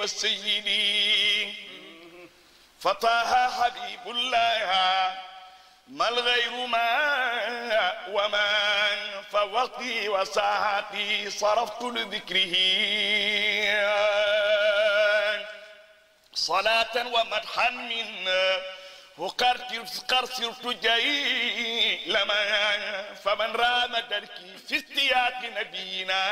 والسيدين فطه حبيب الله ما الغير ما ومن فوقتي وساعتي صرفت لذكره صلاة ومدحا منا وقرصرت جاي لما فمن رام دركي في استياق نبينا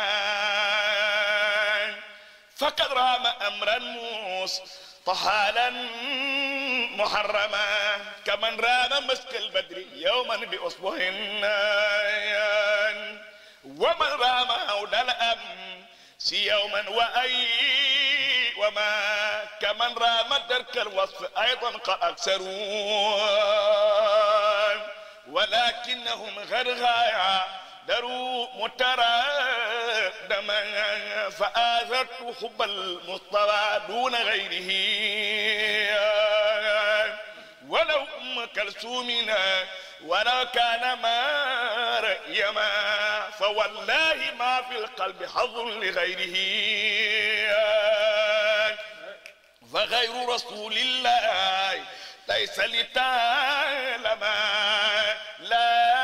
فقد رام أمرا موس طحالا محرما كمن رام مسك البدر يوما بأصبه النايان ومن رام أولى سي يوما وأي وما كمن رام ترك الوصف أيضا قاكسرون ولكنهم غير غاية دروا دما فآذرت حب المصطفى دون غيره ولو أم كلثومنا ولا كان ما رأيما فوالله ما في القلب حظ لغيره فغير رسول الله ليس لتعلم لا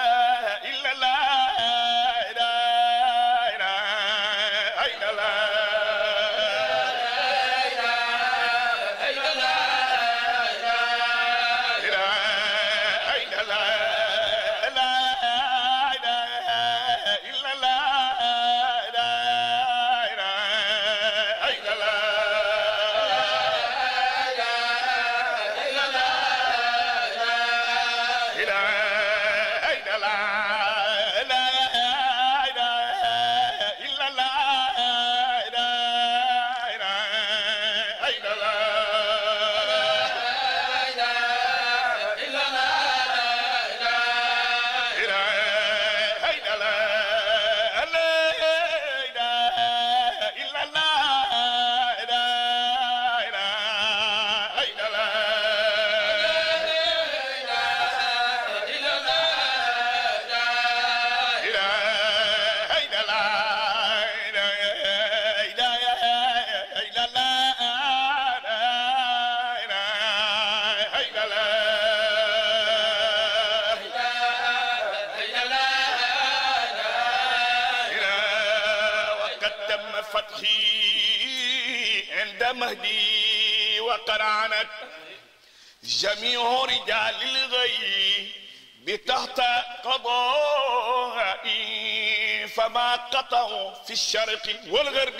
الشرق والغرب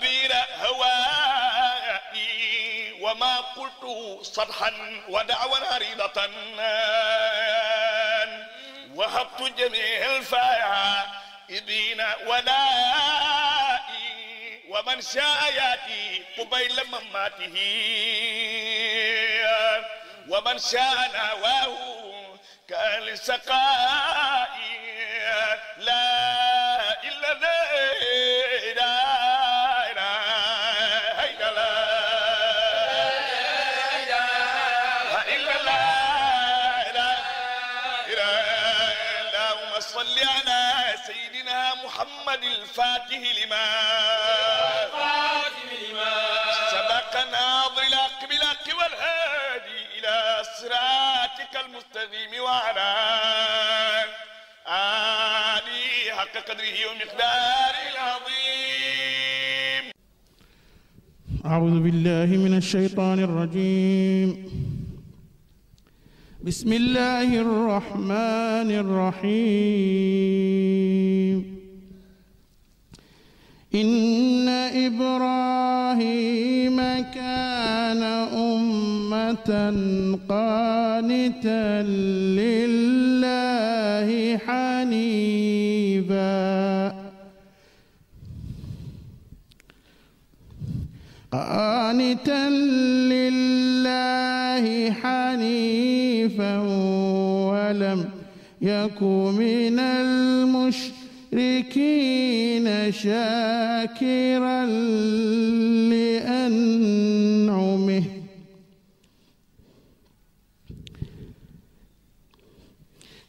كبير هواي وما قلت صدحا ودعوى عريضة وهبت جميع الفائدين ولائي ومن شاء ياتي قبيل مماته ومن شاء ناواه كالسقائي فاته لما سبقنا لك بالحق والهادي إلى صراطك المستقيم وعلى آلي حق قدره ومقداره العظيم أعوذ بالله من الشيطان الرجيم بسم الله الرحمن الرحيم إن إبراهيم كان أمة قانتا لله حنيفا قانتا لله حنيفا ولم يك من المشركين مشركين شاكرا لأنعمه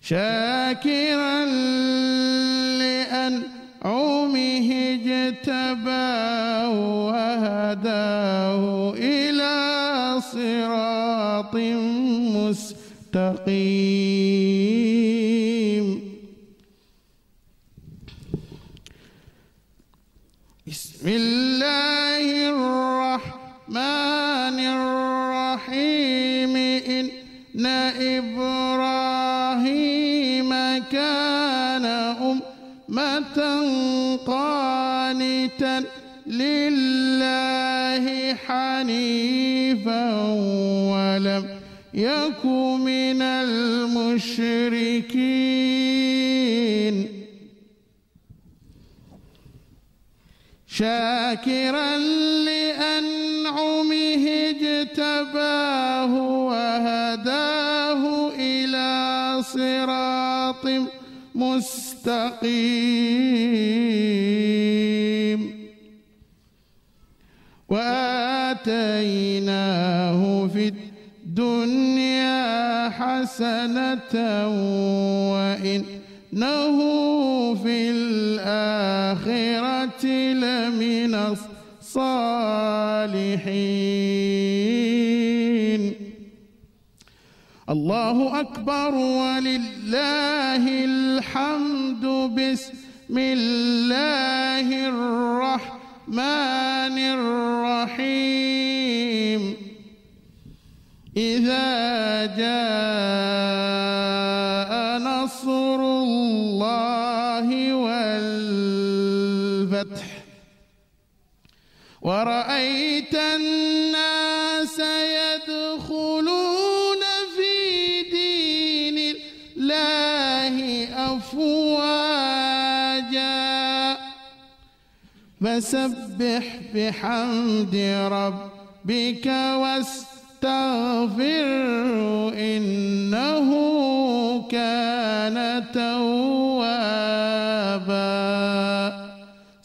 شاكرا لأنعمه اجتباه وهداه إلى صراط مستقيم بسم الله الرحمن الرحيم إن إبراهيم كان أمة قانتا لله حنيفا ولم يك من المشركين شاكرا لأنعمه اجتباه وهداه إلى صراط مستقيم وآتيناه في الدنيا حسنة وإن إنه في الآخرة لمن الصالحين الله أكبر ولله الحمد بسم الله الرحمن الرحيم ورأيت الناس يدخلون في دين الله أفواجا فسبح بحمد ربك واستغفره إنه كان توابا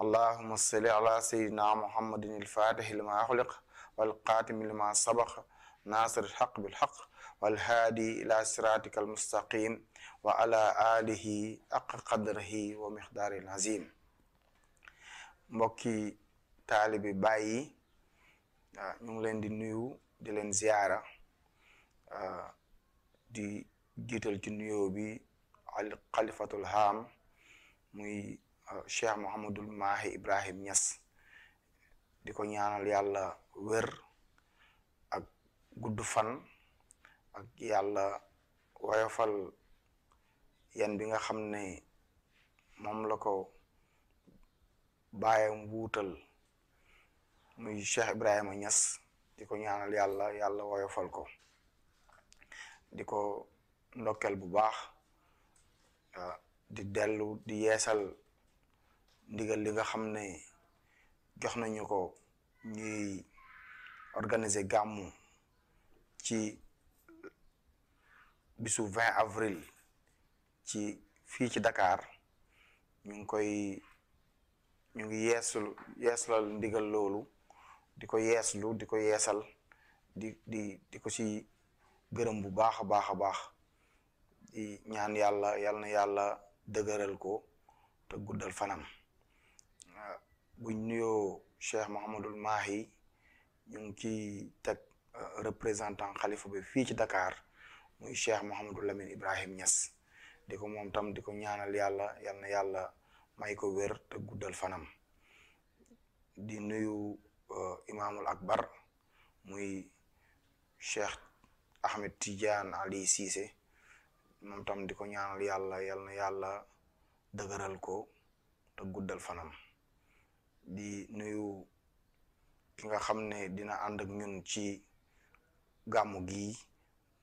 اللهم صل على سيدنا محمد الفاتح لما خلق والقاتم لما سبق ناصر الحق بالحق والهادي إلى صراطك المستقيم وعلى آله أق قدره ومقدار العظيم مكي طالب باي ñu لين دي نيو دي لين زياره دي جيتل جي نيو بي الخليفه الهام xalifatul Eh, cheikh mohamadul mahi ibrahim Niass diko ñaanal yalla wër ak guddu fan ak yalla woyofal yan bi nga xam ne la ko bayam wutal muy cheikh ibrahima Niass diko ko ñaanal yalla yalla woyofal ko di ndokkel bu baax eh, di delu di yeesal ndigal li nga xam ne jox nañu ko ñuy organise gàmmu ci bisu 20 avril ci fii ci dakaar ñu ngi koy ñu ngi yeesul yeeslal ndigal loolu di ko yeeslu di ko yeesal di di di ko ci gërëm bu baax a baax a baax ñaan yàlla yàlla na yàlla dëgëral ko te guddal fanaan buñ nuyoo Cheikh Mouhamadul Mahi ñu ngi ci teg euh, représentant xalifa bi fii ci Dakar muy Cheikh Mouhamadul Lamine Ibrahim Niass di ko moom tam di ko ñaanal yàlla yal na yàlla may ko wér te guddal fanam di nuyu euh, imaamul akbar muy Cheikh Ahmed Tidiane Ali Cissé moom tam di ko ñaanal yàlla yal na yàlla ko te guddal fanam di nuyu ki nga xam ne dina ànd ak ñun ci gàmmu gi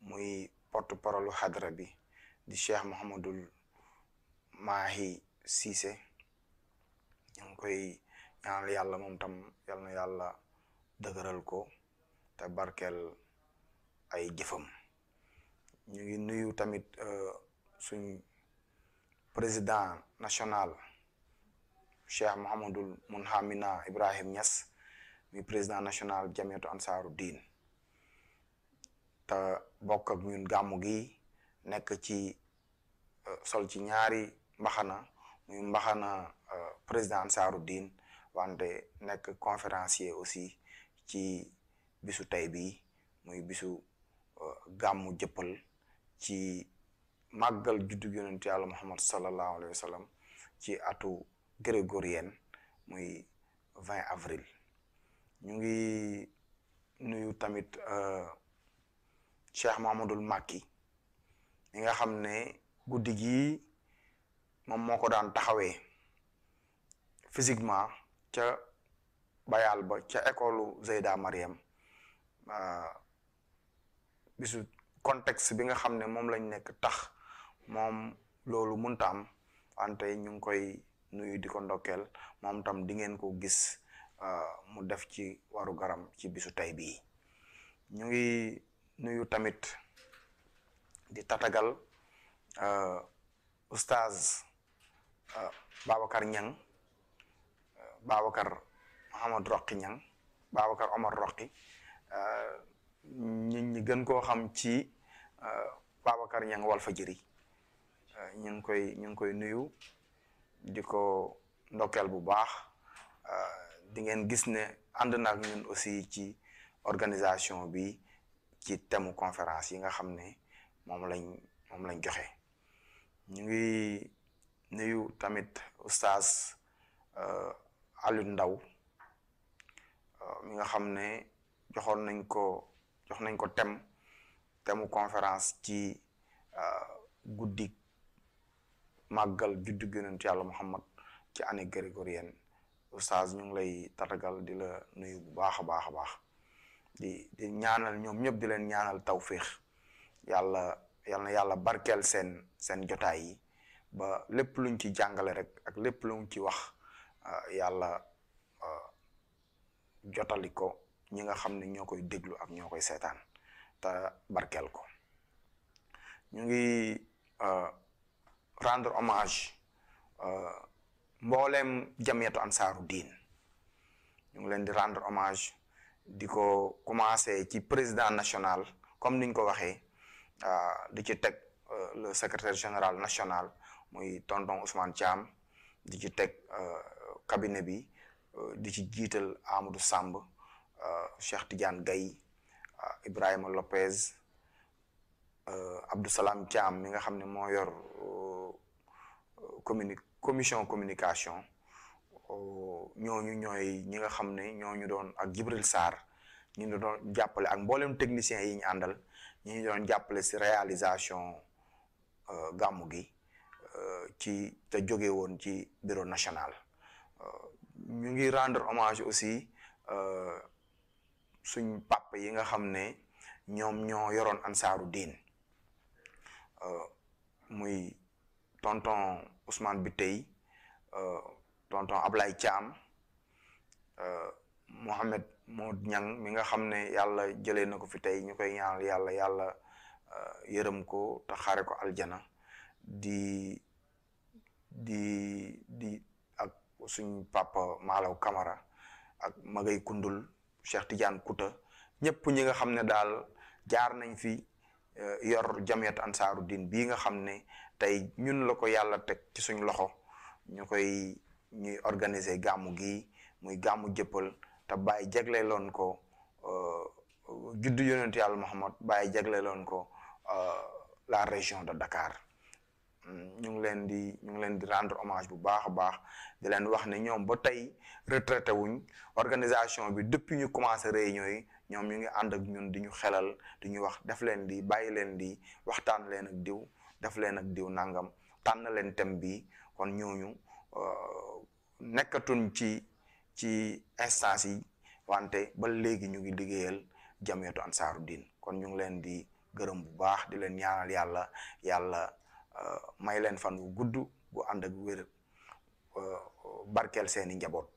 muy porte parole xadra bi di cheikh Mouhamadul Mahi Cissé ñu ngi koy ñaanal yàlla moom tam yal na yàlla dëgëral ko te barkeel ay jëfam ñu ngi nuyu tamit euh, suñ président national. cheikh mohamadul munhamina ibrahim Niass mi président national jamiatu ansaru din ta bokk ak ñun gamu gi nek ci euh, sol ci ñaari mbaxana muy mbaxana euh, président ansaru din wante nek conférencier aussi ci bisu tay bi muy bisu euh, gamu jëppal ci magal juddug yonentu yàlla muhammad sallallahu alaihi wasallam ci atu grégorienne muy vingt avril ñu ngi nuyu tamit euh, Cheikh Mahamadul Makki mi nga xam ne guddi gii moom moo ko daan taxawee physiquement ca bayal ba ca école Zeyda Mariam euh, bisu contexte bi nga xam ne moom lañ nekk tax moom loolu munta am ñu ngi koy nuyu di ndokel mom tam di ngeen ko gis uh, mu def ci waru garam ci bisu tay bi ñu ngi nuyu tamit di tatagal uh, ustaz babakar uh, Ñang babakar mohammed Roqi Ñang babakar Omar Roqi euh ñi gën ko xam ci babakar Ñang fajiri ñu ngi koy ñu koy nuyu di ko ndokkeel bu baax euh, di ngeen gis ne ànd na ak aussi ci organisation bi ci thème conférence yi nga xam ne moom lañ moom lañ joxe ñu ngi nuyu tamit oustaz euh, Aliou Ndaw euh, mi nga xam ne joxoon nañ ko jox nañ ko thème thème conférence ci guddi magal juddu yonent yalla Muhammad ci ane gregorien oustaz ñu ngi lay tatagal di la nuyu bu baax a baax di di ñaanal ñom ñep di len ñaanal tawfiq yalla yalla yalla sen sen sen jotay yi ba lepp luñ ci jangale rek ak lepp luñ ci wax ah, yalla ah, jotaliko ko ñi nga xamne ñokoy deglu ak ñokoy setan ta barkel ko ñu ngi ah, rendre hommage euh, mbooleem jamiyatu ansaaru diin ñu ngi leen di rendre hommage di ko commencé ci président national comme niñ ko waxee euh, di ci teg euh, le secretaire général national muy tonton Ousmane Thiam di ci teg cabinet bi di ci jiital Amadou Samb Cheikh Tidiane gay Ibrahima Lopez Euh, Abdou Salam Thiam mi nga xam ne moo yor euh, communi commission communication euh, ñooñu ñooy ñi nga xam ne ñu doon ak Jibril Sarr ñu ñu doon jàppale ak mboolem techniciens yi ñu àndal ñu ñu doon jàppale si réalisation gàmmu gi ci te jóge woon ci bureau national ñu ngi rendre hommage aussi suñ papa yi nga xam ne ñoom ñoo yoroon am ansaaru diin Eh, muy tonton Ousmane Bitey eh, tonton Ablaye Thiam eh, Mohamed Mod Niang mi nga xam Yalla jëlé nako fi tay ñukay koy Yalla Yalla euh yërem ko ta xaré ko aljana di di di ak suñ papa Malaw Kamara ak magay kundul Cheikh Tidiane Kouta ñepp ñi nga xam dal jaar nañ fi Eh, yor jamiyat ansaaru diin bii nga xam ne tey ñun la ko yàlla teg ci suñ loxo ñu koy ñuy organiser gàmmu gi muy gàmmu jëppal te bàyyi loon ko eh, juddu yonentu yàlla Muhammad bàyyi loon ko eh, la région de dakaar mm, ñu ngi leen di ñu ngi leen di rendre hommage bu baax a baax di leen wax ne ñoom ba tey retraité wuñ organisation bi depuis ñu commencé réunion yi ñoom ñu ngi ànd ak ñun di ñu xelal di ñu wax def leen di bàyyi leen di waxtaan leen ak diw def leen ak diw nangam tànn leen tem bi kon ñooñu euh, nekkatuñ ci ci instance yi wante ba léegi ñu ngi liggéeyal jamiyatu ansaaru diin kon ñu ngi leen di gërëm bu baax di leen ñaanal yàlla yàlla euh, may leen fan wu gudd bu ànd ak wér euh, barkel seeni njaboot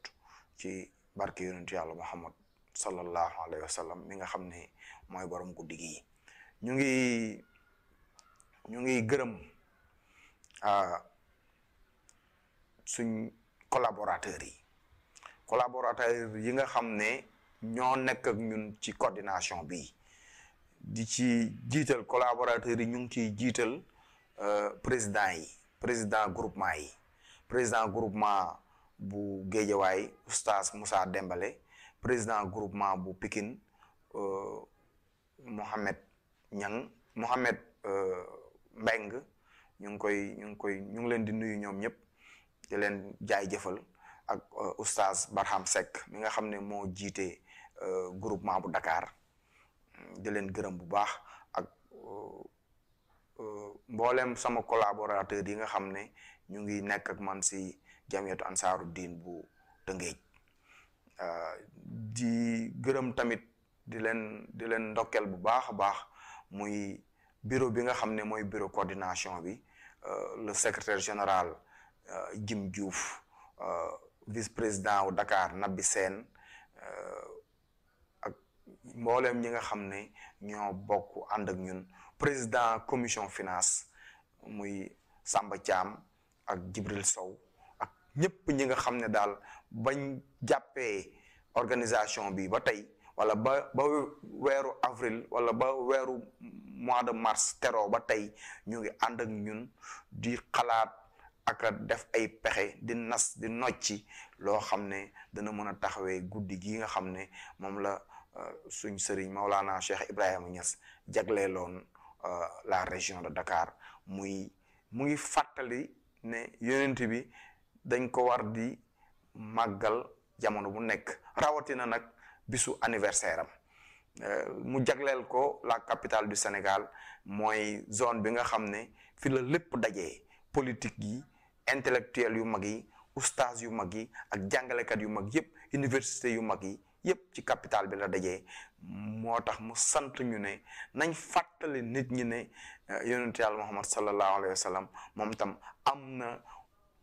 ci barke yonentu yàlla muhammad sallallahu alayhi wa sallam mi nga xam ni mooy borom guddi gi ñu ngi ñu ngi gërëm suñ collaborateurs yi collaborateurs yi nga xam ne ñoo nekk ñun ci coordination bi di ci jiital collaborateurs yi ñu ngi ciy jiital euh, président yi président groupement yi président groupement bu Géejawaay oustaz Moussa Dembale président groupement bu Pikine euh, Mohamed Niang Mohamed euh, Mbeng ñu ngi koy ñu ngi koy ñu ngi leen di nuyu ñoom ñëpp di leen jaay jëfal ak euh, oustaz Barham Seck mi nga xam ne moo jiite groupement bu dakaar di leen gërëm bu baax ak mboolem sama collaborateur yi nga xam ne ñu ngi nekk ak man si jamiyatu ansaaru diin bu Tëngéej di gërëm tamit di leen di leen ndokkeel bu baax a baax muy bureau bi nga xam ne mooy bureau coordination bi euh, le secretaire général euh, Jim Diouf euh, vice-président wu Dakar seen Sène ak mbooleem ñi nga xam ne ñoo bokk ànd ak ñun président commission finance muy Samba Thiam ak Jibril Sow ñëpp ñi nga xam ne daal bañ jàppee organisation bi ba tey wala ba ba weeru avril wala ba weeru mois de mars teroo ba tey ñu ngi ànd ak ñun di xalaat ak def ay pexe di nas di nocci loo xam ne dana mën a taxawee guddi gi nga xam ne moom la euh, suñ sëriñ Maulana Cheikh Ibrahima Niass jagleeloon euh, la région de Dakar muy mu ngi fàttali ne yonent bi dañ ko war di màggal jamono bu nekk rawatina nag bisu anniversaire am euh, mu jagleel ko la capital du Sénégal mooy zone bi nga xam ne fi la lépp dajee politique yi intellectuel yu mag yi oustaz yu mag yi ak jàngalekat yu mag yépp université yu mag yi yépp ci capital bi la dajee moo tax mu sant ñu ne nañ fàttali nit ñi ne euh, yonentu yàlla Muhammad sallallahu alayhi wa moom tam am na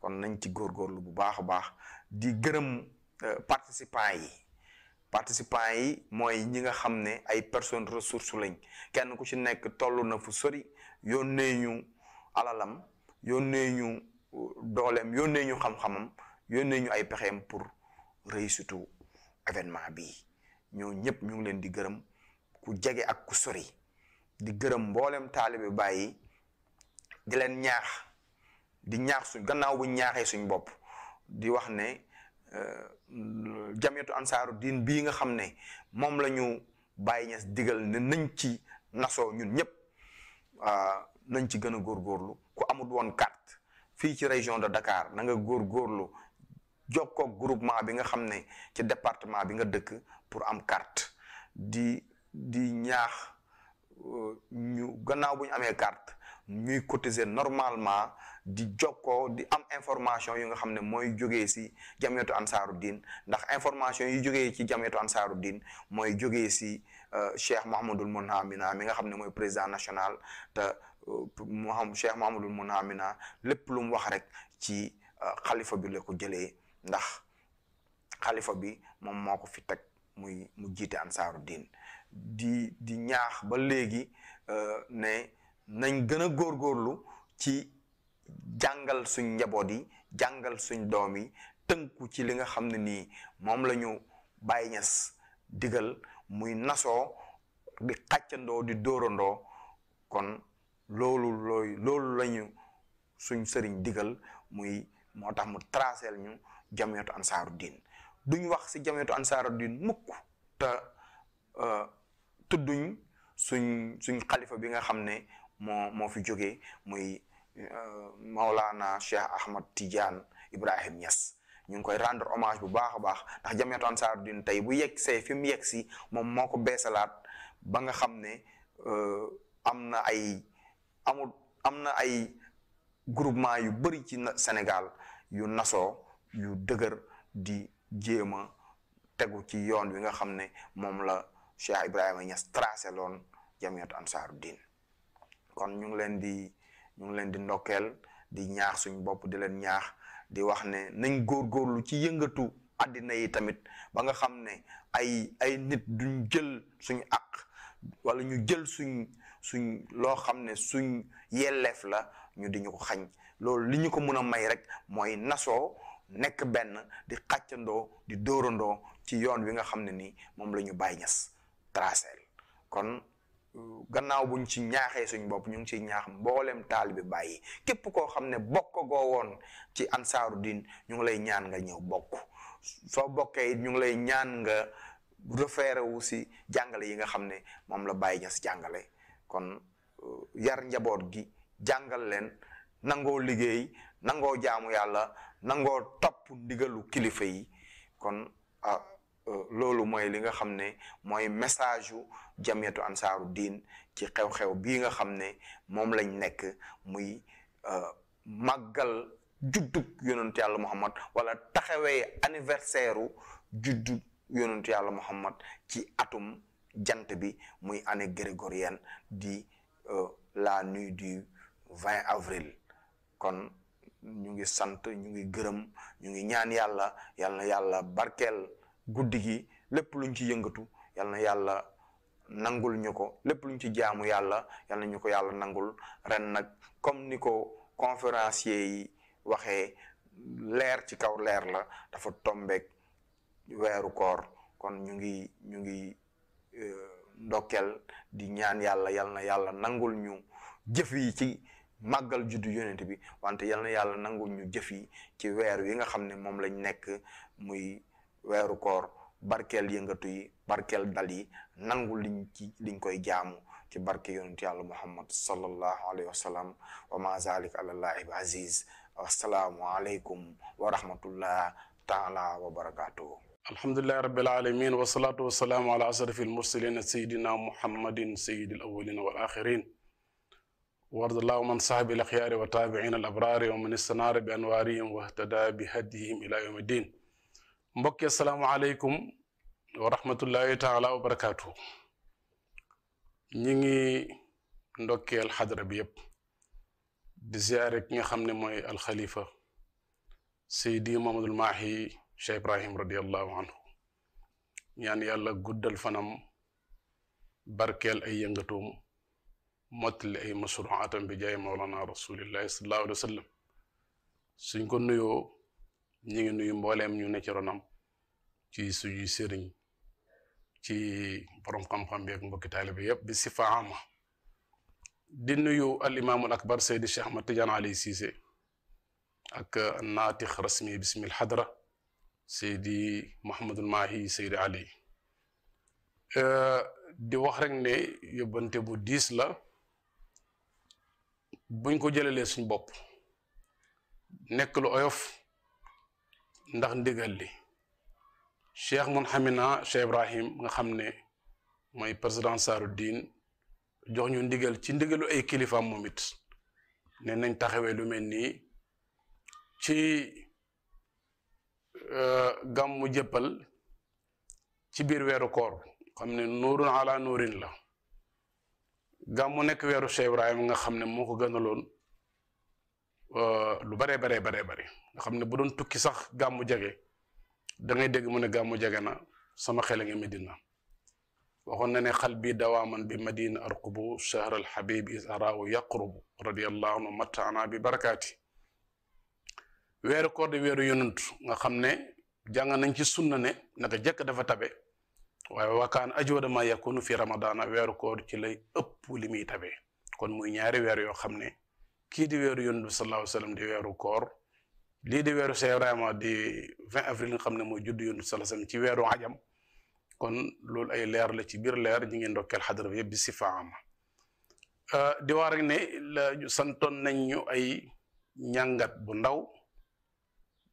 kon nañ ci góor góorgóorlu bu baax a baax di gërëm euh, participants yi participants yi mooy ñi nga xam ne ay personnes ressources lañ kenn ku ci nekk toll na fu sori yónnee ñu alalam yónnee ñu euh, dooleem yónnee ñu xam-xamam yónnee ñu ay pexeem pour réussite événement bi ñoo ñëpp ñu ngi leen di gërëm ku jege ak ku sori di gërëm mboolem taalibe bàyyi di leen ñaax di ñaax suñ gannaaw bu ñaaxee suñ bopp di wax ne euh, jametu ansaaru diin bii nga xam ne moom la ñu bàyyi ñes digal ne nañ ci nasoo ñun ñëpp euh, nañ ci gën a góorlu ku amul woon carte fii ci région de Dakar na nga góorgóorlu jokkoo groupement bi nga xam ne ci département bi nga dëkk pour am carte di di ñaax euh, ñu gannaaw bu amee carte ñuy cotiser normalement di jokkoo di am information yu nga xam ne mooy jógee si jamiyatu ansaaru diin ndax information yu jógee ci jamiyatu ansaaru diin mooy jógee si euh, Cheikh Mouhamadul Mounhamina mi nga xam ne mooy président national te euh, mu xam Cheikh Mouhamadul Mounhamina lépp lu mu wax rek ci euh, xalifa bi la ko jëlee ndax xalifa bi moom moo ko fi teg. muy mu jiite ansaaru diin di di ñaax ba léegi ne nañ gëna gor gorlu ci jangal suñ njaboot yi jangal suñ doom yi tënku ci li nga xamni ni mom lañu bayi ñu digal muy naso di xaccando di dorondo kon loolu loy loolu lañu suñ sëriñ digal muy motax mu tracel ñu jamiyatu ansaruddin duñ wax ci jamiyatu ansaruddin mukk ta euh tudduñ suñ suñ khalifa bi nga xamne moo moo fi joge muy eh, Maulana Cheikh Ahmad Tidiane Ibrahim Niass ñu ngi koy rendre hommage bu baax baax ndax jamiyatu ansaruddin tay bu yek sey fim yek si mom moko ko ba nga xamne ne eh, am ay amul amna ay groupement yu bari ci Senegal, yu naso, yu dager di jema a tegu ci yoon wi nga xamne mom la Cheikh Ibrahima Niass tracé lon jamiyatu ansaruddin kon ñu ngi leen di ñu ngi leen di ndokkeel di ñaax suñu bopp di leen ñaax di wax ne nañ góor góorlu ci yëngatu àddina yi tamit ba nga xam ne ay ay nit duñ jël suñu àq wala ñu jël suñ suñ loo xam ne suñ yelleef la ñu di ñu ko xañ loolu li ñu ko mën a may rek mooy nasoo nekk benn di xàccandoo di dóorandoo ci yoon wi nga xam ne nii moom lañu ñu bàyyi ñas traceel kon gannaaw buñ ci ñaaxee suñ bopp ñu ngi ciy ñaax mboolem taalibe bàyyi képp koo xam ne bokk goo woon ci ansaaru diin ñu ngi lay ñaan nga ñëw bokk soo bokkee ñu ngi lay ñaan nga référé si jàngale yi nga xam ne moom la bàyyi ña si jàngale kon uh, yar njaboot gi jàngal leen nangoo liggéey nangoo jaamu yàlla nangoo topp ndigalu kilifa yi kon ah loolu mooy li nga xam ne mooy message yu jamiyatu ansaaru diin ci xew-xew bii nga xam ne moom lañ nekk muy euh, màggal juddub yonentu yàlla muhammad wala taxawee anniversaire u juddub yonentu yàlla muhammad ci atum jant bi muy année grégorienne di euh, la nuit du 20 avril kon ñu ngi sant ñu ngi gërëm ñu ngi ñaan yàlla yàlla yàlla barkeel guddi gi lépp lu luñ ci yëngatu yal na yàlla nangul ñu ko lépp lu luñ ci jaamu yàlla yal na ñu ko yàlla nangul ren nag comme ni ko conférencier yi waxee leer ci kaw leer la dafa tombeek weeru koor kon ñu ngi ñu ngi euh, ndokkeel di ñaan yàlla yal na yàlla nangul ñu jëf yi ci màggal juddu yonent bi wante yal yàlla nangul ñu jëf yi ci weer yi nga xam ne moom lañ nekk muy wéru koor barkeel yëngatu yi barkeel dal yi nangu liñ ci liñ koy jaamu ci barke yonent yàlla muhammad sallallahu alayhi wa wa ma zalik llahi bi aziz assalaamu alaykum wa rahmatullah taala wa barakatuhu الحمد لله رب العالمين والصلاة والسلام على أشرف المرسلين سيدنا محمد سيد الأولين والآخرين وارض الله من صاحب الأخيار وتابعين الأبرار ومن السنار بأنوارهم واهتدى بهديهم إلى يوم الدين مبكي السلام عليكم ورحمة الله تعالى وبركاته نيني ندوكي الحضر بيب دي زيارك نخمني موي الخليفة سيدي محمد الماحي شيخ إبراهيم رضي الله عنه يعني يالا قد الفنم بركي الأي ينغتوم متل أي مشروعات بجاي مولانا رسول الله صلى الله عليه وسلم سنكون نيو ñi ngi nuyu mbooleem ñu ne ci ronam ci suñu sëriñ ci borom xam-xam bi ak mbokki taalibe yépp bi sifa faama di nuyu al imam al akbar sayyid cheikh ahmad tidiane ali cissé ak naatix rasmi bismi al hadra seydi al mahi seydi ali di wax rek ne yobante bu diis la buñ ko jëlalee suñ bopp nekk lu oyof ndax ndigal li cheikh Mounhamina Cheikh Ibrahim nga xam ne mooy président saaru diin jox ñu ndigal ci ndigalu ay kilifa moom it ne nañ taxawe lu mel nii ci euh, gàmmu jëppal ci biir weeru koor xam ne nuurun ala nuurin la gàmmu nekk weeru Cheikh Ibrahim nga xam ne moo ko gënaloon lu baree bare baree bari nga xam ne bu doon tukki sax gàmmu jege dangay ngay dégg mu ne gàmmu jege na sama xel a ngi Medina waxoon na ne xal bii dawaaman bi madina arqubu chahr alxabib is araahu yaqrubu radiallahu anhu mattaana bi barakaati weeru koor di weeru yonant nga xam ne jàng nañ ci sunna ne naka jëkk dafa tabe waaye wakaan ajooda ma yakunu fi ramadana weeru koor ci lay ëpp li tabe kon muy ñaari weer yoo xam ne kii di weeru yonent bi sallallahu alayhi di weeru koor lii di weeru Cheikh Ibrahima di 20 avril nga xam ne mooy juddu yonent bi sallallahu ci weeru ajam kon loolu ay leer la ci biir leer ñi ngeen ndokkeel xadara bi yëpp bi si faama euh, di waar rek ne santoon nañ ñu ay ñàngat bu ndaw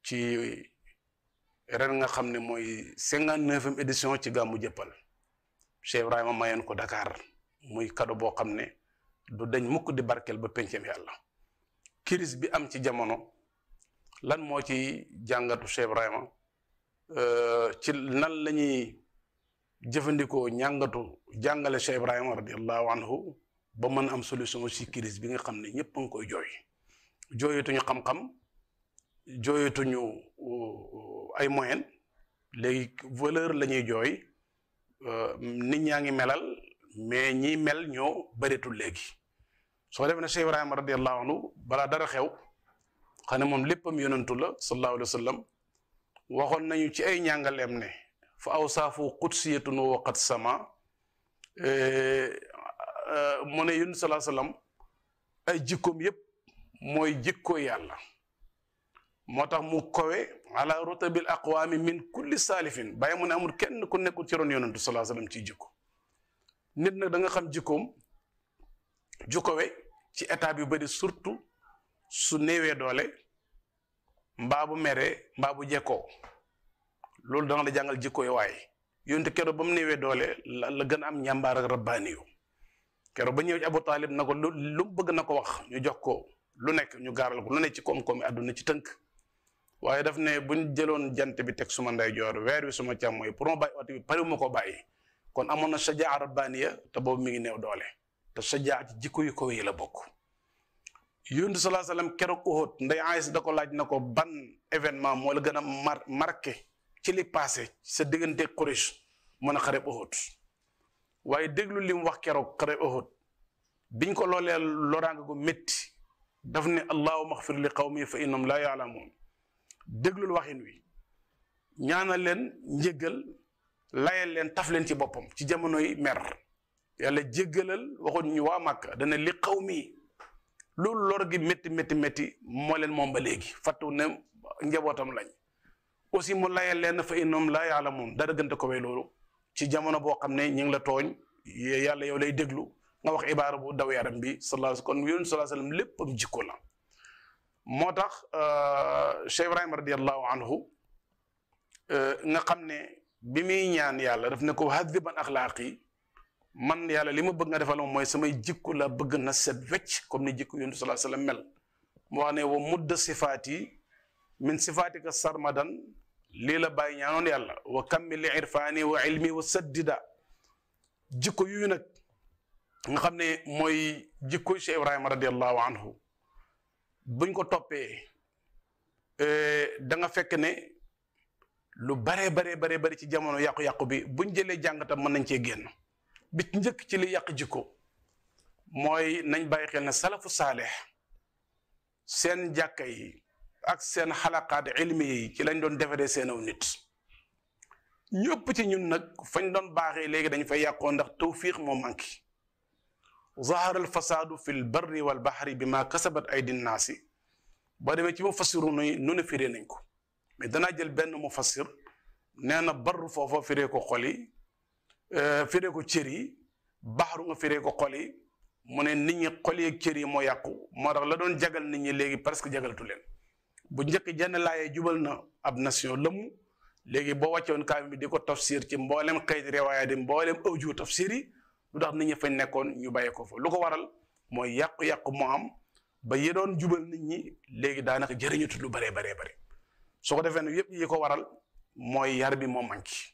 ci ren nga xam ne mooy cinquante neuvième édition ci gàmmu jëppal Cheikh Ibrahima mayeen ko dakaar muy kado boo xam ne du dañ mukk di barkel ba pencam yàlla crise bi am ci jamono lan moo ci jàngatu Cheikh Ibrahima euh, ci nan la ñuy jëfandikoo ñàngatu jàngale Cheikh Ibrahima radiallahu anhu ba mën am solution ci crise bi nga xam ne ñëpp a ngi koy jooy jooyatuñu xam-xam jooyatuñu euh, ay moyen léegi valeur la ñuy jooy euh, nit ñaa ngi melal mais ñi mel ñoo bëreetul léegi soo demee ne Cheikh Ibrahima radiallahu anhu balaa dara xew xam ne moom léppam yonantu la sallallahu alayhi wa sallam waxoon nañu ci ay ñàngaleem ne fa awsaafu qudsiyatun wa qad sama mu ne yun salaa sallam ay jikkoom yépp mooy jikko yàlla moo tax mu kowe ala rutabil aqwaami min kulli saalifin bàyyi mu ne amul kenn ku nekkul ci ron yonantu salaa sallam ci jikko nit nag da nga xam jikkoom jukkowe ci état bi bëri surtout su néewee doole mbaa bu meree mbaa bu jekkoo loolu dana la jàngal jikko yi waaye yonte keroog ba mu newee doole la la gën a am ñàmbaar ak rabbaani yu keroog ba ñëw Abu Taalib na ko lu bëgg na ko wax ñu jox ko lu nekk ñu gaaral ko lu nekk ci koom-koom yi àdduna ci tënk waaye daf ne buñ jëloon jant bi teg suma ndeyjoor weer wi suma càmmooy pour ma bàyyi oto bi pare ma ko bàyyi kon amoon na sajaa rabbaaniya te boobu mi ngi néew doole. te sajaa ci jikko yu ko la bokk yonent salaa salaam keroog Uhud nday Aysa da ko laaj na ko ban événement moo la gën a mar ci li passé sa diggante Quraysh mën a xareb Uhud waaye déglu li mu wax keroog xareb Uhud biñ ko loolee loraanga gu metti daf ne allahumma xfir li qawmi fa innahum laa yaalamuun déglul waxin wi ñaanal leen njëgal layal leen taf leen ci boppam ci jamonoy mer yàlla jéggalal waxoon ñu waa Màkka dana li xaw mi loolu lor gi métti métti métti moo leen moom ba léegi fàttu ne njabootam lañ aussi mu layal len fa innoom laa yaalamuun dara gënte ko way lolu ci jamono bo xamne ñing la togn yàlla yow lay déglu nga wax ibara bu daw yaram bi sallallahu kon yunus sallallahu sallam léppam jikko la motax euh Cheikh ibrahim radiyallahu anhu euh nga xamne ne bi muy ñaan yàlla daf ne ko hadiban akhlaqi man yàlla li ma bëgg nga defal mooy samay jikko la bëgg na set wecc comme ni jikko yonent sallallahu alayhi wasallam wax ne wa mudd sifaati min sifaatika sarmadan lii la bàyyi ñaanoon yàlla wa kammil irfaani wa ilmi wa saddida jikko yuyu nag nga xam ne mooy jikko Cheikh Ibrahima radiallahu anhu buñ ko toppee eh, da fekk ne lu baree baree baree bari ci jamono yàqu-yàqu bi buñ jëlee jàngatam mën nañ cee génn bi ci njëkk ci li yàq jikko mooy nañ bàyyi xel ne salafu saalix seen jàkka yi ak seen xalaqaat ilmi yi ci lañ doon defaree seen aw nit ñëpp ci ñun nag fañ doon baaxee léegi dañ fay yàqoo ndax tawfiq moo manqué zahara al fasaadu fi l barri wal bahri bima ma kasabat aydi nnaasi boo demee ci mu fassiru nuy nu ne firee nañ ko mais danaa jël benn mu fassir barru foofa firee ko xol Euh, fire ko cër yi baxaru nga ko xol mu ne nit ñi xol yi ak yi moo yàqu moo tax la doon jagal nit ñi léegi presque jagalatu leen bu njëkk jenn jubal na ab nation lamu léegi boo wàccewoon kaamil bi di ko tafsir ci mboolem xëyit riwaaya di mboolem awju tafsir yi lu tax nit ñi fañ nekkoon ñu bàyyee ko fa lu ko waral mooy yàqu-yàqu moo am ba yi doon jubal nit ñi léegi daanaka jëriñutut lu baree baree bare su ko defee nag yëpp yi ko waral mooy yar bi moo manqué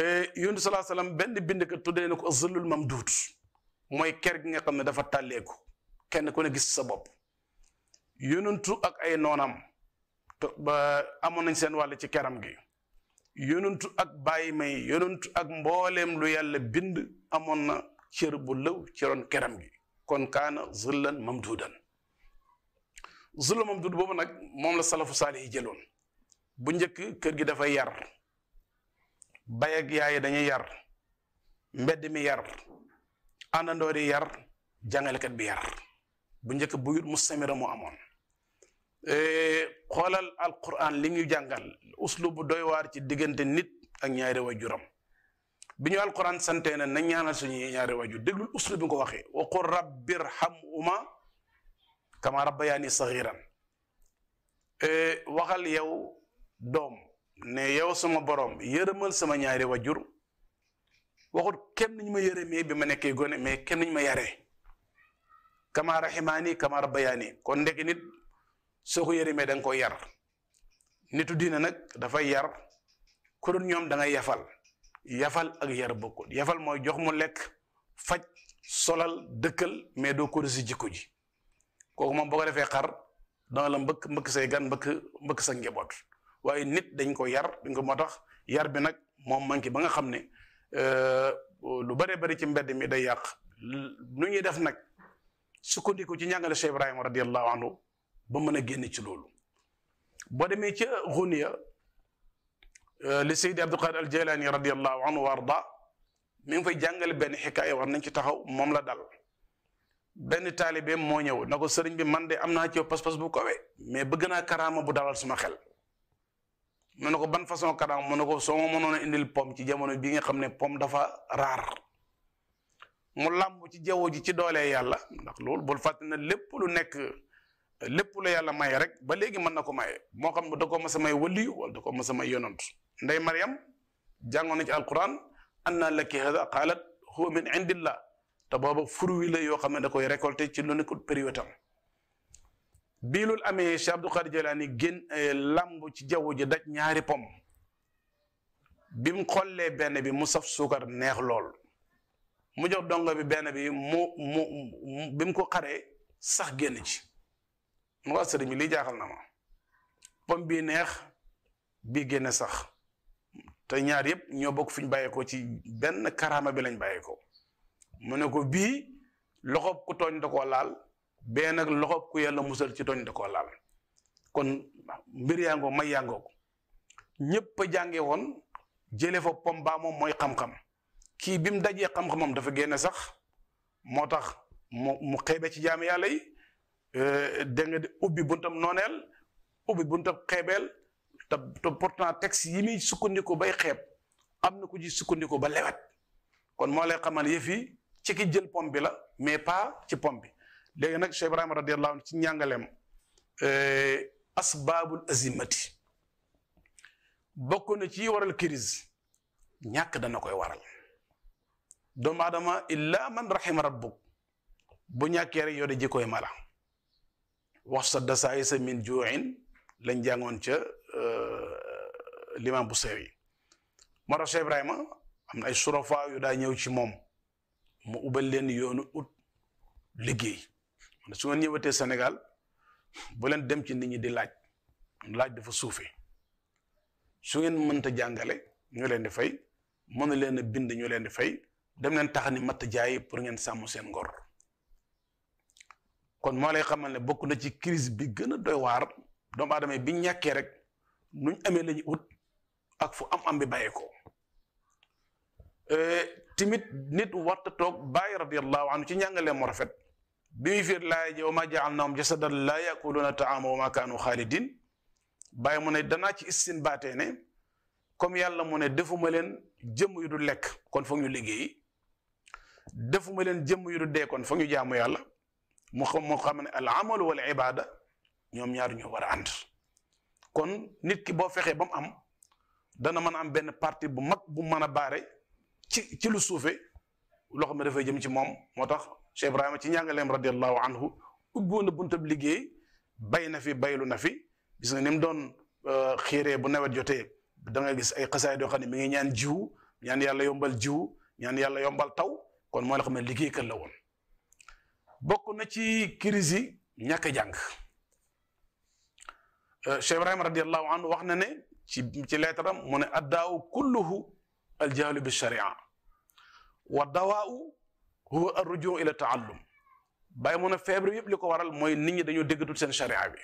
Eh, yonent salaa salaam benn bind ko tuddee na ko zëllul mamduud mooy ker gi nga xam ne dafa tàlleeku kenn ku ne gis sa bopp yonentu ak ay noonam te nañ seen wàll ci keram gi yonentu ak bàyyi may yonentu ak mbooleem lu yàlla bind amoon na cër bu lëw ci keram gi kon kaana zullan mamduudan zullan mamduud boobu nag moom la salafu saalih yi jëloon bu njëkk kër gi dafay yar bay ak yaay dañuy yar mbedd mi yar àndandoor yi yar jàngalekat bi yar bu njëkk buyut mustamira mu amoon e, xoolal alquran li ñu jàngal uslub doy waar ci diggante nit ak ñaari wajuram bi ñu alquran santee na nañ ñaanal suñu ñaari wajur déglul uslub bi nga ko waxee wa qul rabbir ham uma kama rabbayaani saxiran e, waxal yow doom ne yow sama borom yërëmal sama ñaari wajur waxut kenn ñu ma yërëmee bi ma nekkee gone mais kenn ñu ma yare yaree kama raximaani kama rabbayaani kon ndekki nit soo ko yërëmee da nga koy yar nitu diina nag dafay yar ku ñoom da ngay yafal yafal ak yar bokkul yafal mooy jox mu lekk faj solal dëkkal mais doo ko si jikko ji kooku moom boo ko defee xar danga la mbëkk mbëkk say gan mbëkk mbëkk sa njaboot waaye nit dañ ko yar dañ ko moo tax yar bi nag moom manqué ba nga xam ne euh, lu bëree bëri ci mbedd mi day yàq nu ñuy def nag sukkandiku ci njàngale Cheikh Ibrahima radiyallahu anhu ba mën a génn ci loolu boo demee ca Ghunia euh, li Seydi Abdul Qadir al Jilani radiyallahu anhu wa arda mi ngi fay jàngale benn xikaaya war nañ ci taxaw moom la dal benn taalibeem moo ñëw na ko sëriñ bi man de am naa ci pas-pas bu kawe mais bëgg naa karaama bu dalal suma xel mu ne ko ban façon kadang mu ne ko a indil pom ci jamono bi nga xam ne pom dafa raar mu làmb ci jaww ji ci doolee yàlla ndax loolu bul fàtte na lépp lu nekk lépp lu yàlla may rek ba léegi mën na ko maye moo xam da ko mas a may wali wala da ko mas a may yonant ndey mariam jàngoon na ci alquran anna laki hada qalat huwa min indillah te booba fruit la yoo xam ne da koy récolté ci lu nekkul période bii loolu amee Cheikh Abdou Khadir Jilani génn eh, lamb ci jaww ji daj ñaari pom bi mu xollee benn bi mu saf suukar neex lool mu jox dongo bi benn bi mu mu bi mu ko xaree sax génn ci mu wax sëriñ bi lii jaaxal na ma pom bii neex bii génne sax te ñaar yëpp ñoo bokk fi ñu bàyyeekoo ci benn karaama bi lañ bàyyeekoo mu ne ko bii loxo ku tooñ da koo laal. bee nag loxo ku yàlla musal ci tooñ de koo laal kon mbir yaa ngoo may yaa ñëpp a jànge woon jëlee fa baa moom mooy xam-xam kii bi mu dajee xam-xamam dafa génne sax moo tax mu mu xeebe ci jaam yàlla yi euh, da nga di ubbi buntam nooneel ubbi buntam xeebeel te te pourtant texte yi muy sukkandiku bay xeeb am na ku ci sukkandiku ba lewet kon moo lay xamal yëf yi ci ki jël pom bi la mais pas ci pom bi. léegi nag Cheikh Ibrahima radiyallahu anhu ci njàngaleem eh, asbaabul azimati bokk na ci waral crise ñàkk dana koy waral doomu aadama illa man rahima rabbuk bu ñàkkee rek yoo de jikkoy mala wax sa dasaay sa min juuin lañ jàngoon ca eh, limaam bu seer yi moo Ibrahima am na ay surafa yu daa ñëw ci moom mu ubal leen yoonu ut liggéey su ngeen ñëwatee Sénégal bu leen dem ci nit ñi di laaj laaj dafa suufe su ngeen mënta jàngale ñu leen di fay mënu leen bind ñu leen di fay dem leen tax ni matt jaay pour ngeen sàmm seen ngor kon moo lay xamal ne bokk na ci crise bi gën a doy waar doomu aadama bi ñàkkee rek nuñ amee la ñu ut ak fu am-am bi bàyyee ko eh, timit nit warta toog bàyyi radiyallahu anhu ci njàngalee mu rafet bi muy fiir laaya ji wa ma jaalnaahum jasadan laa yakuluuna taama wa ma kaanu xaalidin bàyyi mu ne danaa ci istinbaatee ne comme yàlla mu ne defuma leen jëmm yu du lekk kon foog ñu liggéeyi defuma leen jëmm yu du dee kon foog ñu jaamu yàlla mu xam mu xam ne al amal wal ibaada ñoom ñaar ñoo war a ànd kon nit ki boo fexee ba mu am dana mën a am benn partie bu mag bu mën a baare ci ci lu suufe loo xam ne dafay jëm ci moom moo tax Cheikh Ibrahima ci njàngaleem radiallahu anhu ubboon na buntab liggéey bay na fi baylu na fi gis nga ni mu doon euh, xiiree bu nawet jotee da nga gis ay xasaay yoo xam ne mi ngi ñaan jiw ñaan yàlla yombal jiw ñaan yàlla yombal taw kon moo la xam liggéey liggéeykat la woon na ci crise yi ñàkk a jàng euh, Cheikh Ibrahima radiallahu anhu wax na ne ci ci leetaram mu ne addaawu kulluhu aljahlu bi sharia wa dawaawu huwa arrujuu ila taallum bàyyi mun a feebar yëpp li ko waral mooy nit ñi dañoo déggatul seen charia bi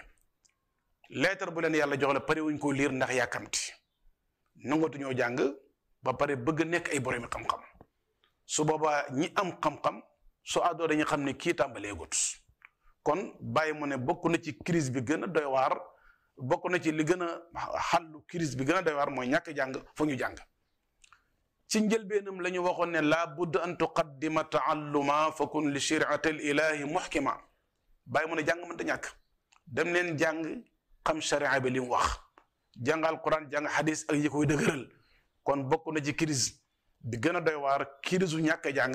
leetar bu leen yàlla jox la pare wuñ koo liir ndax yàkkamti nangatuñoo jàng ba pare bëgg nekk ay boromi xam-xam su boobaa ñi am xam-xam su àddoo dañu xam ne kii tàmbaleegut kon bàyyi mu ne bokk na ci crise bi gën a doy waar bokk na ci li gën a xàllu crise bi gën a doy waar mooy ñàkk jàng foo ñu jàng ci njëlbeenam la ñu waxoon ne laa budd an tuqaddima taalluma fa kun li shiraati al ilahi muhkima bàyyi mu ne jàng mënta ñàkk dem leen jàng xam sharia bi li mu wax jàng alquran jàng hadis ak yi koy dëgëral kon bokk na ci crise bi gën a doy waar crise u ñàkk a jàng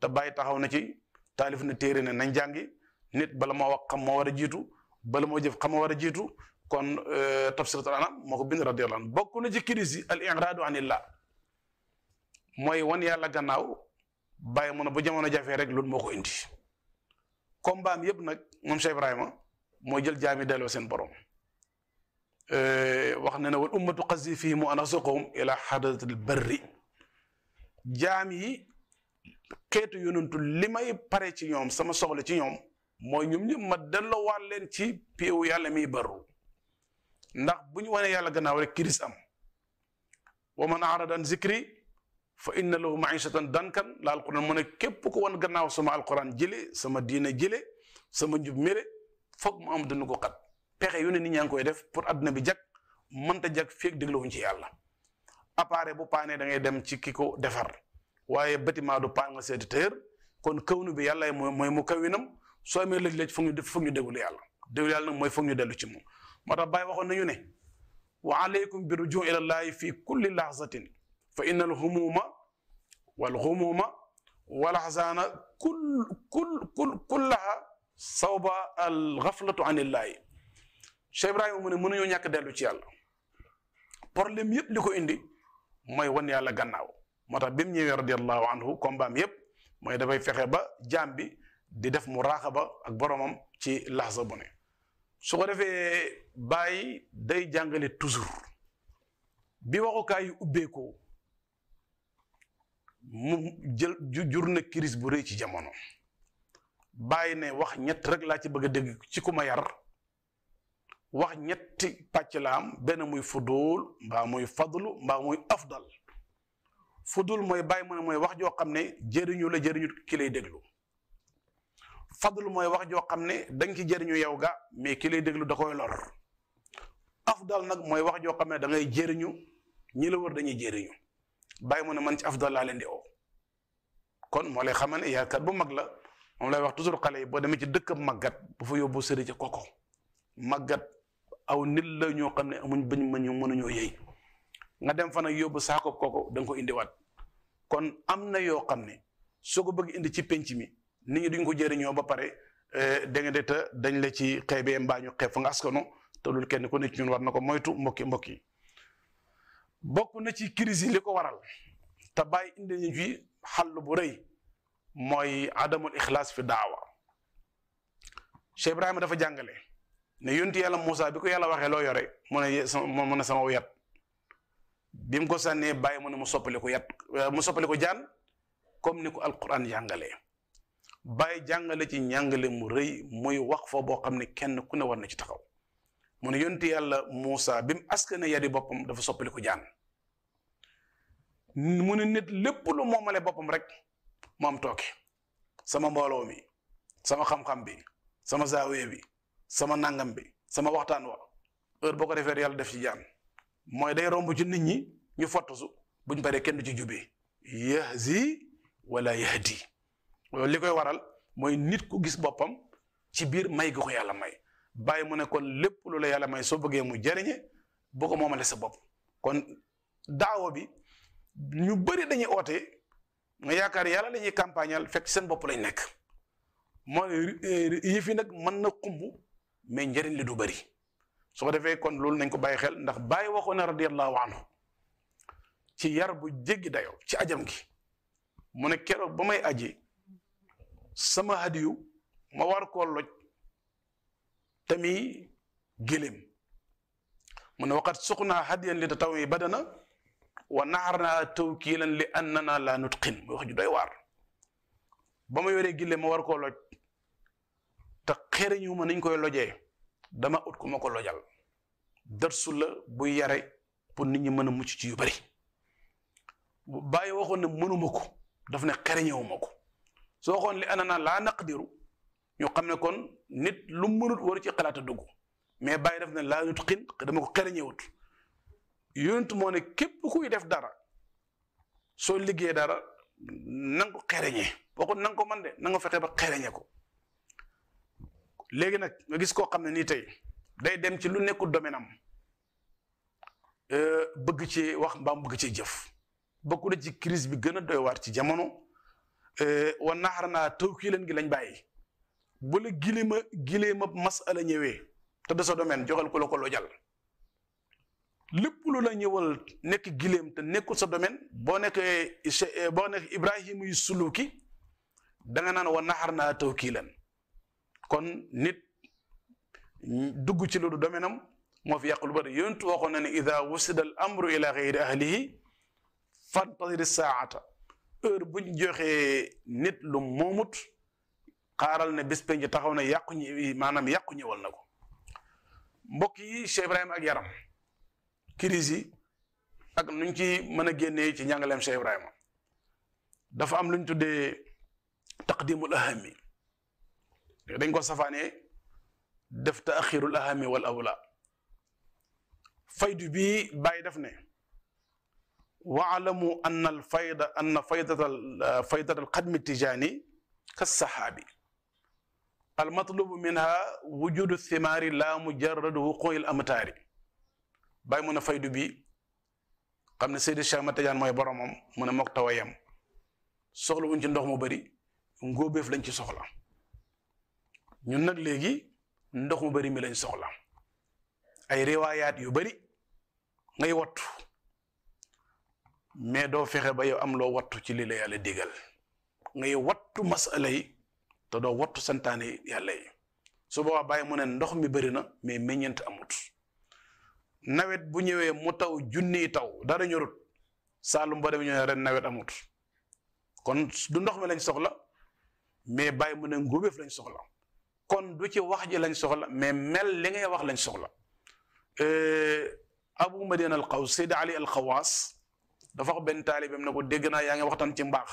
te bàyyi taxaw na ci taalif na téere ne nañ jàngi nit bala moo wax xam moo war a jiitu bala moo jëf xam moo war a jiitu kon tafsiratul anam moo ko bind radiyallahu anhu bokk na ci crise yi al i'raadu anillah mooy wan yàlla gannaaw bàyyi mu ne bu jamono jafee rek loolu moo ko indi combat am yëpp nag moom Cheikh Ibrahima moo jël jaami delloo seen borom eh, wax na ne wal ummatu qasdi fii mu ana suqum ila xadratil barri jaam yi yu yonantu li may pare ci ñoom sama soxla ci ñoom mooy ñoom ñëpp ma delloowaat leen ci péewu yàlla mii barru ndax bu ñu wane yàlla gannaaw rek kiris am wa man arada an zikri fa inna lahu maishatan dankan la alquran mu ne képp ko wan gannaaw sama alquran jële sama diina jële sama njub mére foog mu am dund ko xat pexe yu ne nit ñaa koy def pour adduna bi jag mënta jag feeg dégluwuñ ci yàlla appareil bu paanee da ngay dem ci ki ko defar waaye bâtiment du paan nga seeti tëër kon bi yàlla mooy mooy mu kawinam soo amee lëj-lëj foog ñu def foog ñu déglu yàlla déglu yàlla nag mooy foog ñu dellu ci moom moo tax waxoon nañu ne wa aleykum bi rujuu ilallaahi fi kulli lahzatin fa innal humuma والغموم والأحزان كل كل كل كلها صوب الغفلة عن الله Cheikh Ibrahima mu ne mënuñoo ñàkk dellu ci yàlla problème yëpp li ko indi mooy wan yàlla gannaaw moo tax bi mu ñëwee radiallahu anhu kombaam yëpp mooy dafay fexe ba jaam bi di def mu raaxa ba ak boromam ci laxsa bu ne su ko defee bàyyi day jàngale toujours bi waxukaay yu ubbeekoo mu jël jur na crise bu rëy ci jamono bàyyi ne wax ñett rek laa ci bëgg a dégg ci ku ma yar wax ñetti pàcc la am benn muy fudul mbaa muy fadlu mbaa muy afdal fudul mooy bàyyi mu ne mooy wax joo xam ne jëriñu la jëriñu ki lay déglu fadlu mooy wax joo xam ne da nga ci jëriñu yow ga mais ki déglu da koy lor afdal nag mooy wax joo xam ne da jëriñu ñi la wër dañuy jëriñu bàyyi mu na man ci afdal laa leen di oo kon moo lay xamal ne yaakaar bu mag la moom lay wax toujours xale yi boo demee ci dëkkam màggat bu fa yóbbu sëri ca koko màggat aw nit la ñoo xam ne amuñ bañ ma ñu mënuñoo yëy nga dem fa nag yóbbu saakoob koko da nga ko indiwaat kon am na yoo xam ne soo ko bëgg indi ci penc mi nit ñi duñ ko jëriñoo ba pare eh, da nga de dañ la ci xeebee mbaa ñu xeeb fa nga askanu te loolu kenn ku ne ci ñun war na ko moytu mbokki mbokki bokk na ci crise yi li ko waral te bàyyi indi ñu fi xàll bu rëy mooy adamul ixlaas fi daawa Cheikh Ibrahima dafa jàngale ne yonti yàlla Moussa bi ko yàlla waxee loo yore mu ne sama mu ne sama yat bi mu ko sànnee bàyyi mu ne mu soppali yat euh, mu soppali ko jaan comme ni ko alquran jàngalee bàyyi jàngale ci njàngale mu rëy muy wax fa boo xam ne kenn ku ne war na ci taxaw mu ne yonti yàlla Moussa bi mu askane yari boppam dafa soppali ko jaan mu ne nit lépp lu moomale boppam rek moom tooke sama mbooloo mi sama xam-xam bi sama zaawee bi sama nangam bi sama waxtaan wa heure boo ko defee yàlla def ci jaan mooy day romb ci nit ñi ñu fottusu buñ bare kenn du ci jubee yahzi wala yahdi loolu li koy waral mooy nit ku gis boppam ci biir may gi ko yàlla may bàyyi mu ne kon lépp lu la yàlla may soo bëggee mu jariñe boo ko moomale sa bopp kon daawa bi ñu bari dañuy oote nga yaakaar yàlla la ñuy campagnal fekk seen bopp lañ nekk moo eh, yëf nag mën na xumb mais njëriñ li du bari su ko defee kon loolu nañ ko bàyyi xel ndax bàyyi waxoon na radiyallahu anhu ci yar bu jéggi dayoo ci ajam gi mu ne keroog ba may aji sama hadiyu ma war koo loj tamit géléem mu na waxat suqnaa hadiyan li tatawwi badana wa naxarnaa tawkiilan li annana laa nutqin muy wax ju doy waar ba ma yoree gille ma war koo loj te xereñu ma niñ koy lojee dama ut ko ma ko lojal darsu la buy yare pour nit ñi mën a mucc ci yu bari bàyyi waxoon ne mënuma ko daf ne xereñewuma ko soo waxoon li annana laa naqdiru ñu xam ne kon nit lu mënut war ci xalaat a dugg mais bàyyi daf ne laa nutqin dama ko xereñewut yonent moo ne képp kuy def dara soo liggéey dara nangu nga ko xereñee boo ko na ko man de na nga fexe ba xereñee ko léegi nag nga gis koo xam ne nii tey day dem ci lu nekkul domaine am euh, bëgg ci wax mbaam bëgg ci jëf bokku da ci crise bi gën a doy waar ci jamono euh, wa naxar naa taw kii leen gi lañ bàyyi bu la gileema gileema masala ñëwee te de sa domaine joxal ko la ko lépp lu la ñëwal nekk giléem te nekkul sa domaine boo nekkee eh, boo nekk Ibrahima yu suluki da nga naan wa naxar naa tawkiilan kon nit dugg ci loolu domaine am moo fi yàq lu bari yonentu waxoon na ne ida wasida al amru ila gayri ahlihi fantaziri saata heure buñ joxee nit lu moomut xaaral ne bés penc taxaw na yàqu ñi maanaam yàqu na ko mbokk yi Cheikh ak yaram crise ak nuñ ci mëna génné ci ñangalem Cheikh Ibrahima dafa am luñ tuddé taqdimul ahami dañ ko safané def ta'khirul ahami wal awla faydu bi bay def ne waalamu anna al fayda anna al faydata al qadmi tijaani ka saxaabi المطلوب منها وجود الثمار لا مجرد وقوع الأمتار bàyyi mun a faydu bi xam ne Seydi Cheikh Matadiane mooy boromam mu ne mook taw a yem soxla wuñ ci ndox mu bëri ngóobeef lañ ci soxla ñun nag léegi ndox mu bëri mi lañ soxla ay riwaayaat yu bëri ngay wattu mais doo fexe ba yow am loo wattu ci lii yàlla digal ngay wattu te doo wattu santaane yàlla yi su boobaa bàyyi mu ne ndox mi bëri na mais meññeent amut nawet bu ñëwee mu taw junniy taw dara ñorut saalum ba dem ñu ren nawet amut kon du ndox mi lañ soxla mais bàyyi mu ne ngóobeef lañ soxla kon du ci wax ji lañ soxla mais mel li ngay wax lañ soxla abu madina al qaws sayd ali al khawas dafa wax ben talibam ne ko dégg na yaa ngi waxtaan ci mbax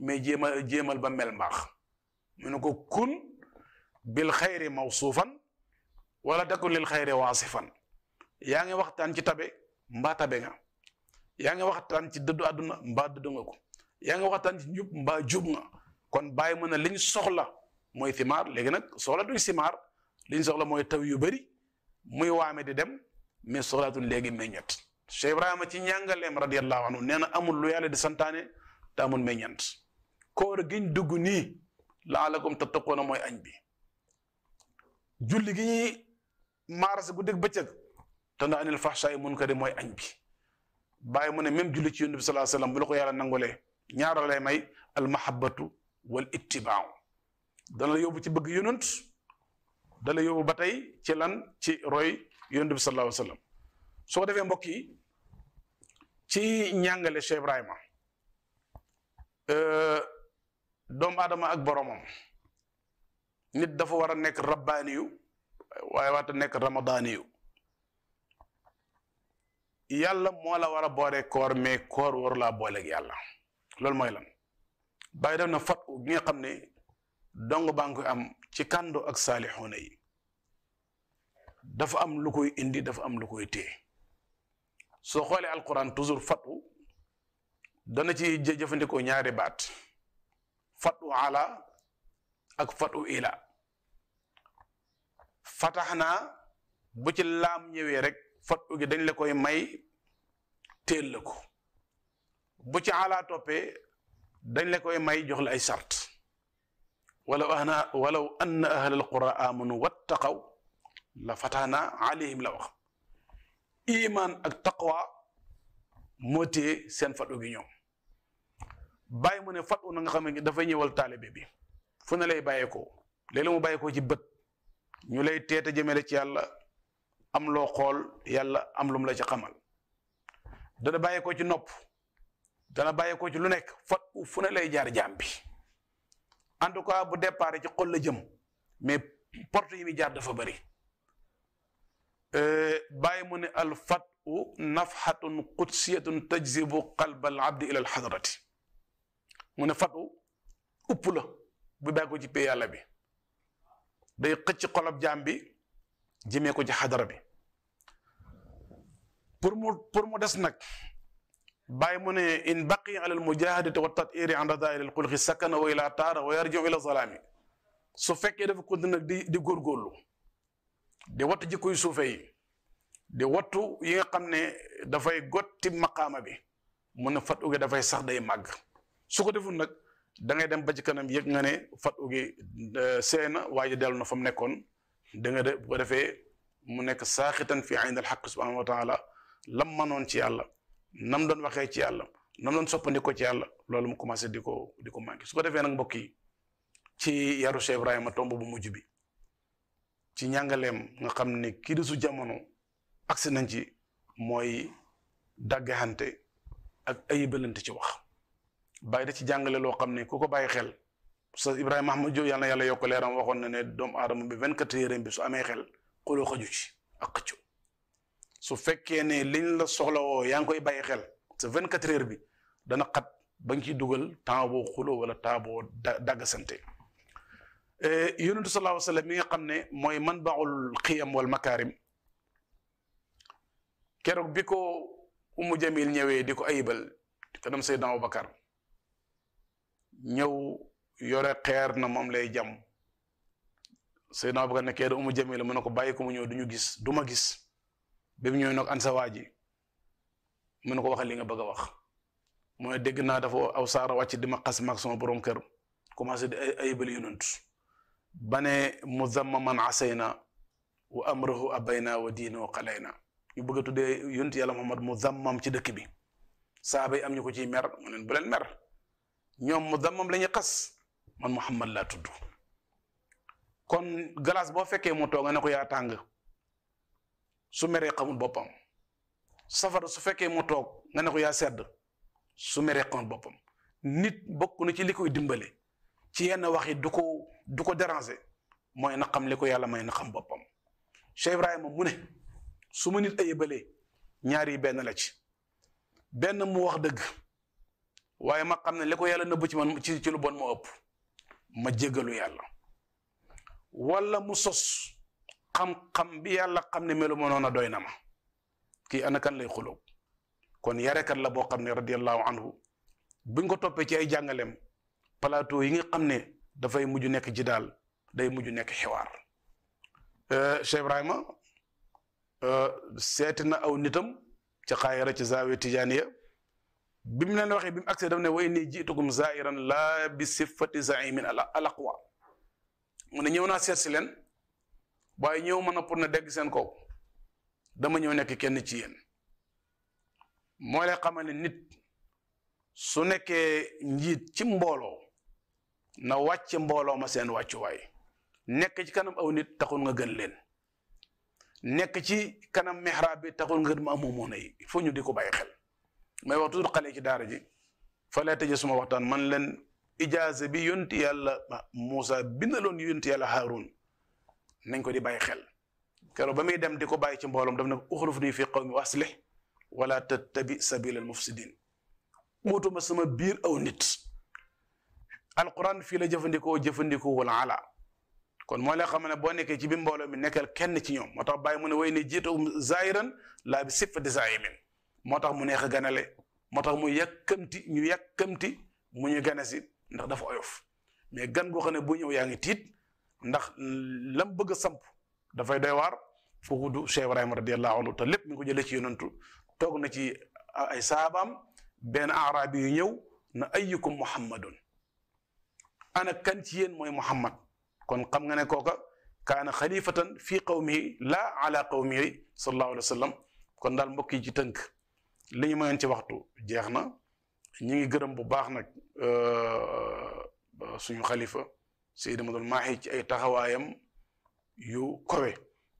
mais jema jemal ba mel mbax mu ne ko kun bil khair mawsufan wala takun lil khair wasifan yaa ngi waxtaan ci tabe mbaa tabe nga yaa ngi waxtaan ci dëddu àdduna mbaa dëddu nga ko yaa ngi waxtaan ci njub mbaa jub nga kon bàyyi mën a liñ soxla mooy simaar léegi nag soxla duñ simaar liñ soxla mooy taw yu bëri muy waame di dem mais soxlaatuñ léegi meññet Cheikh Ibrahima ci ñàngaleem radiyallahu anhu nee na amul lu yàlla di santaane te amul meññent koor giñ dugg nii laalakum tattaquuna mooy añ bi julli gi ñuy maarase guddeeg bëccëg tanha anil fahshaa'i munkari mooy añ bi bàyyi mu ne même julli ci yonent bi sallallahu alayhi wasallam bu la ko yàlla nangulee ñaara lay may al mahabbatu wal ittibaa dana la yóbbu ci bëgg yonent dala yóbbu ba tey ci lan ci roy yonent bi sallallahu soo defee mbokk yi ci ñàngale Cheikh Ibrahima euh, doomu aadama ak boromam nit dafa war a nekk rabbaani waaye waata nekk ramadaani yu yàlla moo la war a boole koor mais koor waru laa booleeg yàlla loolu mooy lan bàyyi def na fat gi nga xam ne dong baa ngi am ci kàndo ak saalixuuna yi dafa am lu koy indi dafa am lu koy téye soo xoolee alquran toujours fatu dana ci jëfandikoo ñaari baat fatu ala ak fatu ila fatax naa bu ci laam ñëwee rek fattu gi dañ la koy may teel la ko bu ci alaa toppee dañ la koy may jox la ay sart walla ana walaw anna ahlal qura amanu wattaqaw la fataana alayhim la wax iman ak taqwa moo téye seen fattu gi ñoom bàyyi mu ne fattu na nga xam dafay ñëwal taalibe bi fu ne lay bàyyeekoo léeg-léeg mu bàyyeekoo ci bët ñu lay teete jëmele ci yàlla am loo xool yàlla am lum la ci xamal dana bàyyi ko ci nopp dana bàyyi ko ci lu nekk fat fu ne lay jaar jaam bi en tout cas bu départ ci xol la jëm mais port yi muy jaar dafa bëri euh, bàyyi mu ne al fat u nafhatun qudsiyatun tajzibu qalba al abdi ila al hadrati mu ne fatu upp la bu bàyyi ko ci pay yàlla bi day xëcc xolob jaam bi jëmee ko ci xadara bi pour mu pour mu des nag bàyyi mu ne in baqi ala al mujahadati wa tatiri an radail al xulqi sakana wa ila taara wa yarjiu ila zalaami su fekkee dafa continue di di góorgóorlu di wattu jikko yu suufe yi di wattu yi nga xam ne dafay gotti maqaama bi mu ne fat uge dafay sax day màgg su ko deful nag dangay ngay dem ba ci kanam yëg nga ne fat uge euh, seena na waaye dellu na fa mu nekkoon da nga bu defé mu nek saxitan fi aynd alxaq subhanahu wa taala lam manon ci yalla nam don waxe ci yalla nam doon soppandiko ci yalla lolou mu commencé diko diko manki su ko defé nak mbokki ci yaru cheikh ibrahima tombo bu mujju bi ci ñangalem nga ki du su jamono ak nañ ci moy dagahante ak ayibalante ci wax ci jangale lo kuko baye xel sa Ibrahima Mahmoud Diop yàlla na yàlla yokk waxoon na ne doomu aadama bi vingt quatre heures bi su amee xel xuloo xaju ci ak xëccu fekkee ne liñ la soxlawoo yaa ngi koy bàyyi xel sa vingt quatre heures bi dana xat ba ciy dugal temps boo xuloo wala temps sante eh, yonentu sallallahu alayhi wa sallam mi nga xam ne mooy man baaxul xiyam wal makaarim keroog bi ko Umu Jamil ñëwee di ko ayibal kanam Seydina Abubakar ñëw. yore xeer na moom lay jam Seydina Abubakar ne kee da umu jamila mu ne ko bàyyi ko mu ñëw du ñu gis du ma gis ba mu ñëw nag an sa waa ji mu ne ko waxal li nga bëgg a wax mooy dégg naa dafa aw saara wàcc di ma xas mag sama borom kër commencé di ayibal yonent ba ne mu zammaman asayna wa amrahu na wa diinahu xalayna ñu bëgg a tuddee yonent yàlla Muhammad mu zammam ci dëkk bi saa yi am ñu ko ciy mer mu leen bu mer ñoom mu zammam la man xam man laa tudd kon glace boo fekkee mu toog nga ne ko yaa tàng su meree xamul boppam safara su fekkee mu toog nga ne ko yaa sedd su meree xamul boppam nit bokk ci li koy dimbale ci yenn wax yi du ko du ko déranger mooy na xam li ko yàlla may na xam boppam Cheikh Ibrahima mu ne su ma nit ayëbalee ñaar yi benn la benn mu wax dëgg waaye ma xam ne li ko yàlla nëbb ci man ci ci lu bon moo ëpp. ma jégalu yàlla walla mu sos xam-xam bi yàlla xam ne melu ma a doy na ma kii ana kan lay xulóob kon yarekat la boo xam ne radiallahu anhu buñ ko toppee ci ay jàngaleem plateau yi nga xam ne dafay mujj nekk ji daal day mujj nekk xiwaar euh, Cheikh Ibrahima euh, seeti na aw nitam ci xaayara ci zaawiya tijaaniya bi mu leen waxee bi mu agsee daf ne wa inni jiitukum zairan laa bi sifati zaimin al aqwa mu ne ñëw naa seet si leen waaye ñëw ma a pour na dégg seen kaw dama ñëw nekk kenn ci yéen moo lay xamal ne nit su nekkee njiit ci mbooloo na wàcc mbooloo ma seen wàccuwaay nekk ci kanam aw nit taxul nga gën leen nekk ci kanam mihraab bi taxul nga gën ma amumoona yi il faut ñu di ko bàyyi xel ما هو تدور قليك دارجي فلا تجسم وقتان من لن إجازة بي ينتي على موسى بن لون ينتي على هارون ننكو دي باي خل كارو بمي دم ديكو باي كمبالوم دم نك أخرفني في قوم واسلح ولا تتبي سبيل المفسدين موتو مسما بير أو نت القرآن في لجفن ديكو جفن ديكو والعلا kon mo la xamne bo nekk ci bi mbolo mi nekkal kenn ci ñoom motax baye mu ne way ni jitu motax mu neex ganale motax mu yakamti ñu yakamti mu ñu ganasi ndax dafa oyof mais gan go xane bu ñëw yaangi tit ndax lam bëgg samp da fay doy war foofu du Cheikh Ibrahima radiallahu anhu ta lépp mi ko jël ci yonentu tok na ci ay sahabam ben arabiy ñëw na ayyukum muhammadun ana kan ci yéen moy muhammad kon xam nga ne koka kana khalifatan fi qawmihi la ala qawmihi sallallahu alaihi wasallam kon dal mbokki ci teunk li ñu mayoon ci waxtu jeex na ñi ngi gërëm bu baax nag suñu xalifa Seydi Madul Maahi ci ay taxawaayam yu kowe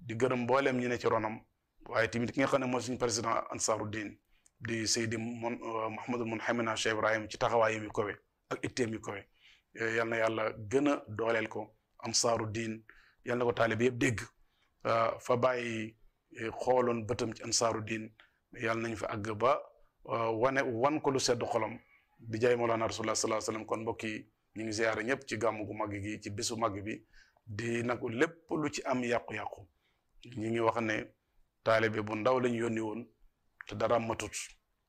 di gërëm mboolem ñi ne ci ronam waaye tamit ki nga xam ne mooy suñu président Ansaruddin di Seydi mon Mouhamadul Munhamina Cheikh Ibrahim ci taxawaayam yu kowe ak itteem yu kowe yal na yàlla gën a dooleel ko Ansaruddin yal na ko taalibe yëpp dégg fa bàyyi xooloon bëtam ci Ansaruddin yàlla nañ fa àgg ba euh, wane wan ko lu sedd xolam di jaay Mawlana Rasulullah sallallahu alayhi kon mbokk yi ñu ngi ziare ñëpp ci gàmm gu mag gi ci bésu mag bi di nag lépp lu ci am yàqu-yàqu ñu ngi wax ne taalibe bu ndaw lañ yónni woon te dara matut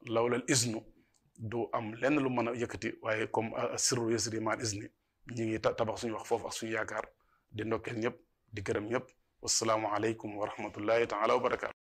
lawlal isnu du am lenn lu mën a yëkkati waaye comme euh, sirru yasri maal isni ñu ngi tabax suñu wax foofu ak suñu yaakaar di ndokkeel ñëpp di gërëm ñëpp wasalaamu aleykum wa rahmatullahi taala wa barakaatu